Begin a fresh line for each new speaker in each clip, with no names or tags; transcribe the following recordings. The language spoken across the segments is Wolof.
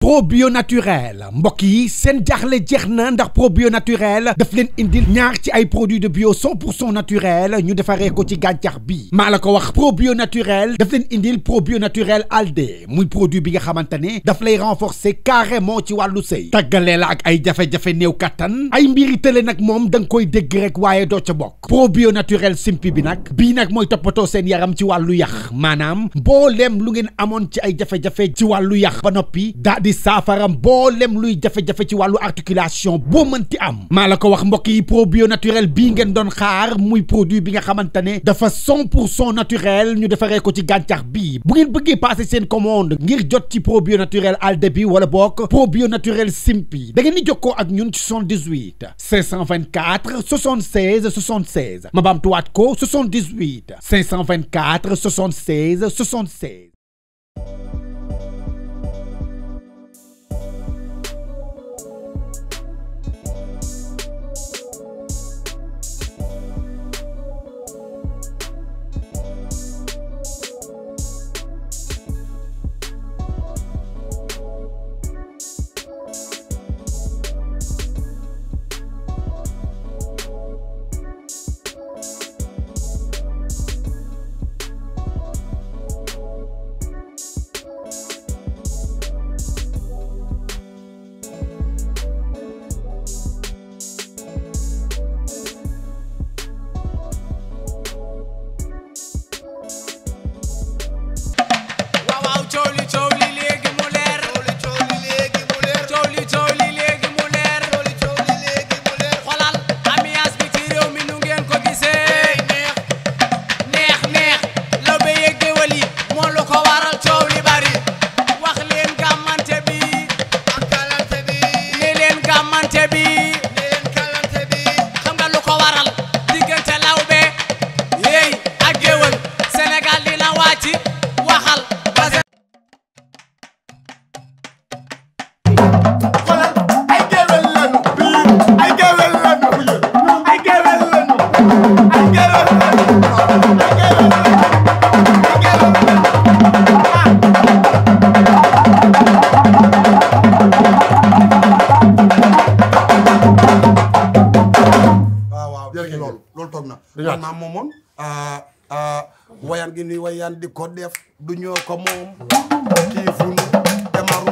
probio naturel Mboki, sen seen jaaxle probio naturel daf leen indil ñaar ci ay de bio 100 naturel ñu defare ko ci gantiar bi maa ko wax probio naturel daf leen indil probio naturel alde muy produit bi nga xamante ne renforcer carrément ci walu sey. tàggalee la ak ay jafe-jafe new katan. ay mbiri tële nak mom dang koy rek bok. probio naturel simpi bi nag bii nag mooy toppatoo seen yaram ci walu yakh. Manam, bolem lu ngeen amon ci ay jafe-jafe ci walu yakh. ba di saafara mboolem luy jafé jafé ci walu articulation boo ti am maa ko wax mbok yi probio naturel bi ngeen don xaar muy produit bi nga xamantane dafa 100 naturel ñu defaree ko ci gàncax bi bu ngeen bëggé passer seen commande ngir jot ci probio naturel al début wala bokk probio naturel simpi da ngeen di jokkoo ak ñun ci 78 524 76 76 ma baamtuwaat ko 78 524 76 76 maa moomoon ah, ah, wayaan gi ni wayaan di ko def du ñoo ko moom demaru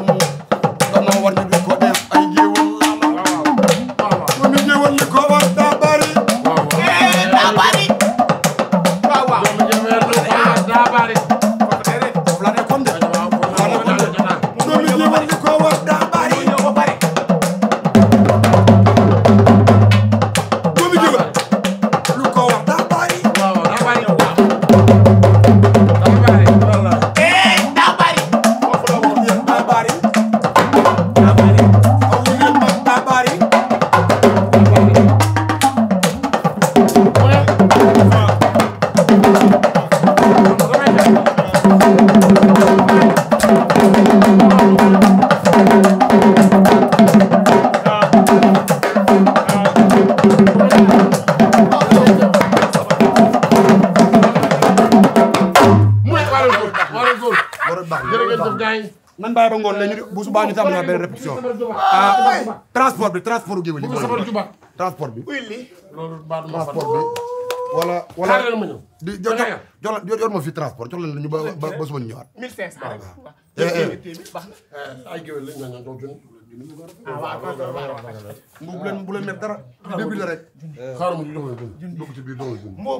Baara Ngoon lañu bu subaa ñu tam naa benn répétition ah transport bi transport géwél yi transport bi transport bi wala wala di jox jox jox ma fi transport jox leen la ñu ba ba suba ñu ñëwaat 1500 ay géwél lañ nga doon jun bu leen bu leen met dara début la rek xaaral ma ñu doxal jun dugg ci biir doxal jun mo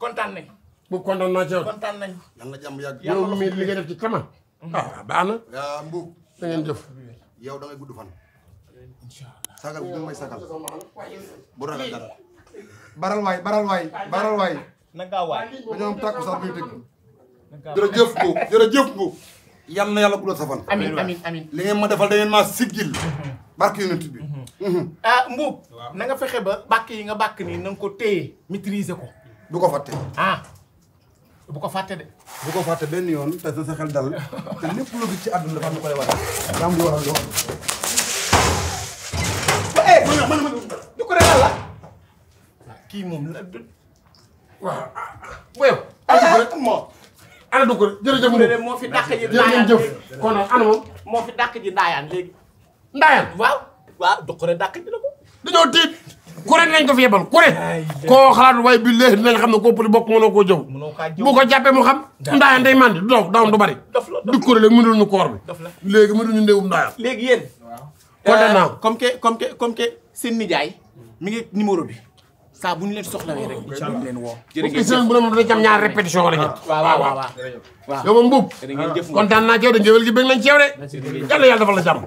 kontaan nañ mo kontaan naa ci kontaan nañ yàlla jàmm yàgg yow mi li nga def ci kama ah baax na. ah Mbour. da ngeen jëf.
yow da ngay gudd fan. incha allah sagal bu may sagal. bu ragal dara. baral waay baral waay baral waay. na ngaa waay. dañoo am takku sax muy dëgg. jërëjëf
Mbour jërëjëf Mbour. yal na yàlla guddal sa fan. amiin amiin amiin li ngeen ma defal da ngeen maa siggil. barke yonent bi. Mhm. Mhm. ah Mbour. na nga fexe ba bàkk yi nga bàkk nii na ko téye maîtriser ko. du ko fàtte. ah. bu ko fàtte de. bu ko fàtte benn yoon te sa xel dal te lépp lu gis ci àdduna dafa am lu koy waral. daa am lu waral ko ragal la. kii moom la waaw booy yow. Ah, du ko ah, ah, jërëjëf moom moo fi dàq moo fi dàq ndaayaan léegi. ndaayaan waaw. du ko dàq ji la ko. dañoo tiit. ku ne dinañ ko fi yebal ku ne koo xalaat waaye bi léegi dinañ xam ne koo përi bokk mënoo koo jëw bu ko jàppee mu xam ndaayaan day mandi du dof doom du bari di ko léegi mënul koor bi léegi mënul ñu ndéewum ndaayaan léegi yéen kontaan naa euh, comme que comme que comme que seen nijaay saa bu ñu leen soxlawee rek incha allah leen woo. jërëjëf bu bu ne am ñaar répétition wala ñett. waaw waaw waaw waaw. yow moom Mboub. kontaan naa ci yow de njëwal gi bëgg nañ ci yow de. yàlla yàlla la jàmm.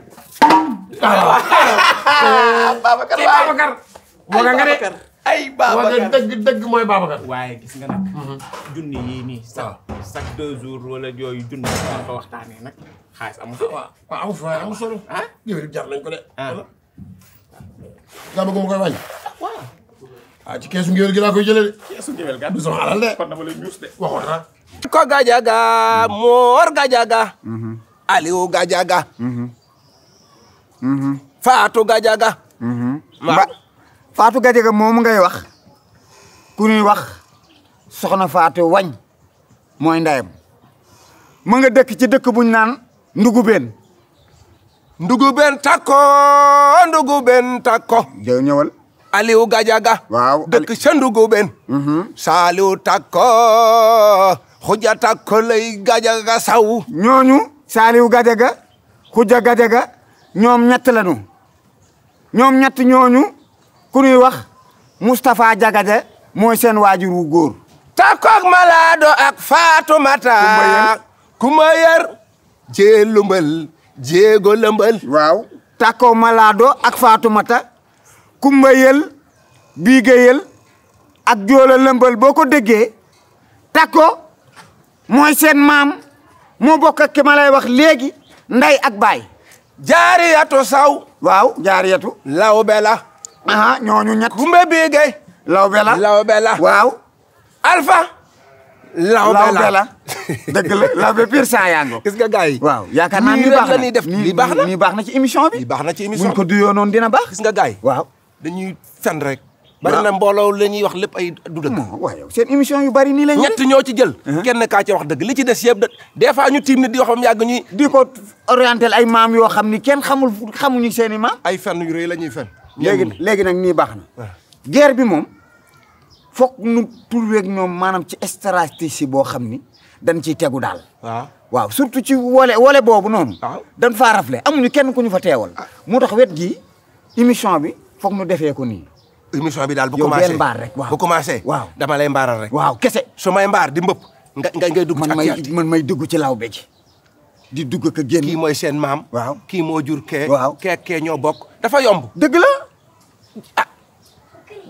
ay Babacar ay Babacar dëgg dëgg mooy Babacar. waaye gis nga nag. Mhm. junni yii nii. waaw ah. chaque deux jours wala yooyu junni yi ko waxtaanee nag xaalis amu fa. Ah, waaw amu fa amu solo. ah yooyu jar nañ ko de. ah daa bëgg mu koy wàññi. waaw. ah ci keesu ngéwél gi laa koy jëlee de. keesu ngéwél ga du sama alal de. kon dama lay ñuus de waxoon naa. ko Gajaga Mor Gajaga. Mhm. Aliou Gajaga. Mhm. Fatou Gajaga. ma Fatou Gadiaga moomu ngay wax ku ñuy wax soxna Fatou wañ mooy ndeyam mu nga dëkk ci dëkk buñ naan Ndugubeen Ndugubeen takko Ndugubeen takko jëw ñëwal Aliou Gadiaga waaw dëkk ca Ndugubeen mhm. Saliou takko Khoudia takko lay Gadiaga saw ñooñu Saliou Gadiaga Khoudia Gadiaga ñoom ñett lañu ñoom ñett ñooñu ku ñuy wax Moustapha Diakhaté mooy seen waajur wu góor takkoog malaado ak Faatumata kuma yar jee lumbal jéego lëmbal waaw takkoog malaado ak Faatumata kumba yël ak joola lëmbal boo ko déggee takko mooy seen maam moo bokk ak wax léegi ndey ak baay jaariyatu saw waaw jaariyatu law bela ah ñooñu ñett. Kumba bii gay. Lawbe la Lawbe la waaw. Alpha. Lawbe la la dëgg la Lawbe pire saa yi. waaw yaakaar naa nii baax na nii def nii baax na nii baax na ci émission bi. nii baax na ci émission bi buñ ko duyoo noonu dina baax. gis nga gars dañuy fen rek. bari na mbooloo la ñuy wax lépp ay du dëgg. waaw seen émission yu bari nii la ñu. ñett ñoo ci jël. kenn kaa ci wax dëgg li ci des yëpp da des ñu tiim nit di wax ba mu yàgg ñuy. di ko orienté ay maam yoo xam ni kenn xamul xamuñu seen i ay fenn yu rey la ñuy fen léegi léegi nag nii baax na. Ah. guerre bi moom foog nu trouver ak ñoom maanaam ci stratégie boo xam ni dañ ciy tegu daal. waaw ah. waaw surtout ci wole wole boobu noonu. Ah. dañ faa le amuñu kenn ku ñu fa teewal. moo tax wet gi émission bi foog nu defee ko nii. émission bi daal bu commencé yow mbaar rek waaw bu commencé. waaw dama lay mbaaral waaw kese su may mbaar di mbëpp. nga nga ngay dugg ci actualité man may dugg ci law be ji. di dugg ka génn kii mooy seen maam. waaw kii moo jur kee. waaw kee kee ñoo bokk dafa yomb. ah.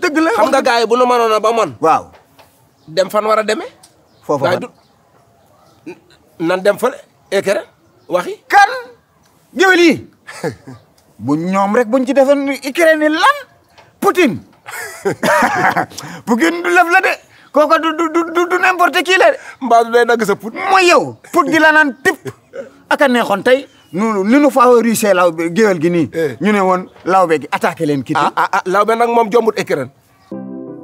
dëgg la xam nga gars yi bu nu mënoon ba man waaw. dem fan war a demee. foofa du nan dem fële écré waxi. kan. géwél yi ñoom rek buñ ci defoon écré ni lan Poutine Poutine du lëf la de kooka du du du du n'importe qui la de. mbaa du day sa put. mooy yow put gi la naan tip aka neexoon tey. nu ni nu favorisé law géwél gi nii. Eh. ñu ne woon lawbe gi attaqué leen. kii ah ah, ah lawbe nag moom jombut écran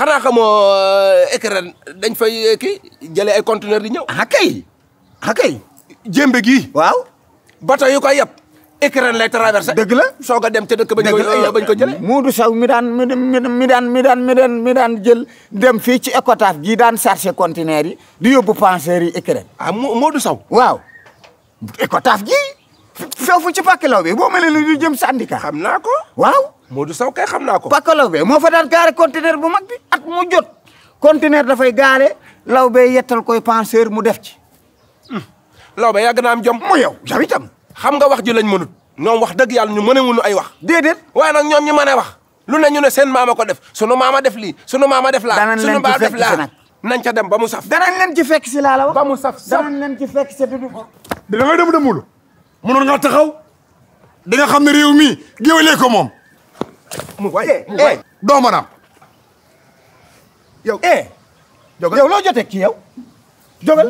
xana xamoo eh, écran dañ fay eh, ki jëlee ay conteneur di ñew ah kay ah, jembe gi waw bata yu ko yeb écran lay traverser deug la soga dem te dekk bañ ko eh, bañ ko jëlee. Moodu saw mi daan mi mi daan mi daan mi daan mi daan jël dem fi ci Ecotaf gi daan chargé conteneur yi di yóbbu penseur yi écran. ah Moodu saw waw Ecotaf gi fofu ci pàkk bi bo mel lu jëm syndicat. xamna ko waw Modou saw kay xam naa ko. Paka Lawbe moo fa daan gaare conteneur bu mag bi at mu jot. conteneur dafay law Lawbe yettal koy penseur mu def ci. Hmm. Lawbe yàgg naa am jom. mu yow jam itam. xam nga wax ji lañ mënut. ñoom wax dëgg yàlla ñu mënewuñu ay wax. déedéet waaye nag ñoom ñi mën a wax. lu ne ñu ne seen maama ko def sunu maama def lii sunu maama def laa. sunu maama def laa nañ ca dem ba mu saf. danañ leen ci fekk si laa la wax. ba mu saf saf danañ leen ci fekk si dudu. dina nga dem demul. mënoon nga taxaw. di nga xam ne réew mi géwalee ko moom mu waay eh, mu waay eh. doo maanaam yow. Eh. jógal yow loo jotee ci yow. jógal.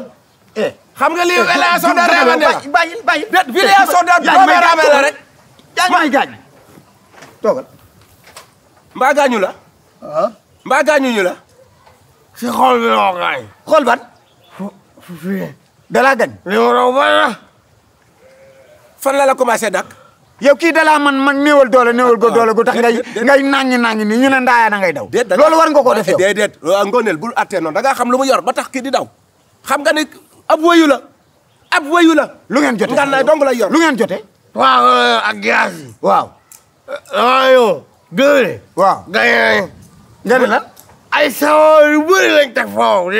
xam nga lii relation de réewante la bàyyi bàyyi relation de réewante la rek. jaajëf maa mbaa gaañu la. Ah. mbaa gaañuñu la. si xool bi dala gaañ. li mu fan lala la commencé dak yow kii dalaa man man néewal doole néewal go ah, doole gu tax ngay ngay nangi nangi nii ñu ne ndaayaa na ngay daw loolu war nga koo def yow déedéet ngoneel bul attee noonu da ngaa xam lu mu yor ba tax kii di daw xam nga ni ab yu la ab yu la lu ngeen jote ngan naa dong lay yor lu ngeen jote waaw euh, ak gaz waaw waayo déwle waaw gaye nga ne ay sawal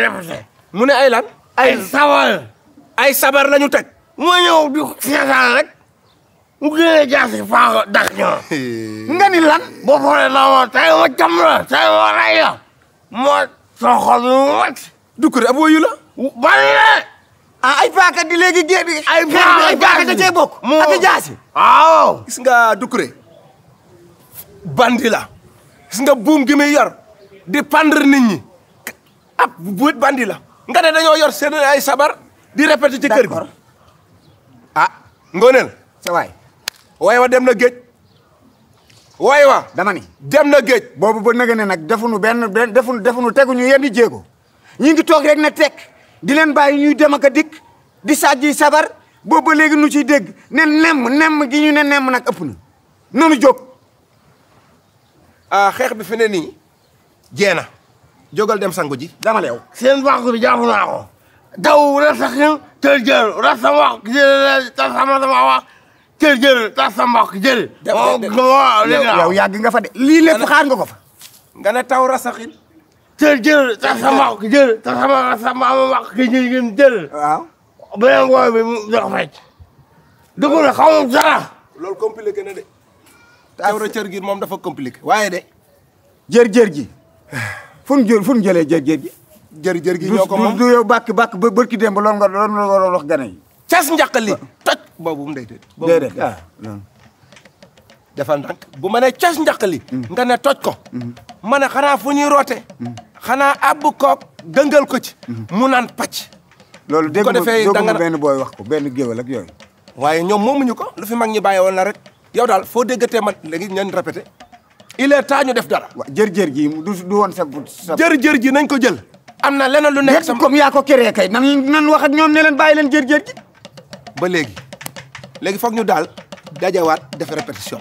mu ne ay lan ay sawal sabar lañu teg ma ñëw di rek nga jaasi faago dak ñoo iya. nga ni lan boo fole la ma tay ma jam la tay ma ray la ma soxol mu wacc dukkure ab woyu la bari la ah ay paaka di léegi gé ay paaka ay paaka da nga dukkure bandi la nga buum gi muy yor di pendre nit ñi ab bandila, nga ne sabar di répété ah ngooneel sa waay way dem na geej way dama ni dem na geej boobu ba nagane nag defuñu benn benn defuñu defuñu teguñu yenn jéego ñi ngi toog rek na tek di leen bàyyi ñuy dem ak dikk di sàjji sabar boobu ba léegi nu ciy dégg ne nemm nemm gi ñu ne nemm nag ëpp na noonu ah xeex bi fi ne nii jeena jógal dem sangu ji dama leew seen wax bi jaaxu naa ko daw rasa xel tël jël rasa wax sama sama wax jël jël tas sa mbokk jël. yow yàgg nga fa de lii lépp xaar nga ko fa. nga ne taw rasaxin. jël jël tas sa mbokk jël tas sama sa maama mbokk jël ngeen jël. waaw beneen góor bi mu jox fecc. dugub la xamul dara. loolu compliqué na de. taw ra cër gi moom dafa compliqué waaye de. jër jër gi. fu mu jël fu mu jëlee jër jër gi. jër jër gi ñoo ko du yow bàkk bàkk ba bërki démb loolu nga loolu nga wax gane yi. cas ah. toj. boobu mu déedéet. déedéet ah non. dafa ndànk bu ma nee cas njaq li mm-hmm. nga ne toj ko. Mm-hmm. ma ne xanaa fu ñuy roote. Mm-hmm. xanaa àbb kook dëngal ko ci. mu naan pàcc. loolu dégg nga benn booy wax ko benn géwél ak yooyu. waaye ñoom ñu ko lu fi mag ñi bàyyi woon la rek yow daal foo déggatee man léegi ñeen répété il est temps ñu def dara. waaw jër-jër ji du du woon sa sa. jër-jër ji nañ ko jël. am na leneen lu nekk sama comme yaa ko créé kay nan nan wax ak ñoom ne leen bàyyi leen jër-jër ji ba léegi. que nous ñu daal de faire répétition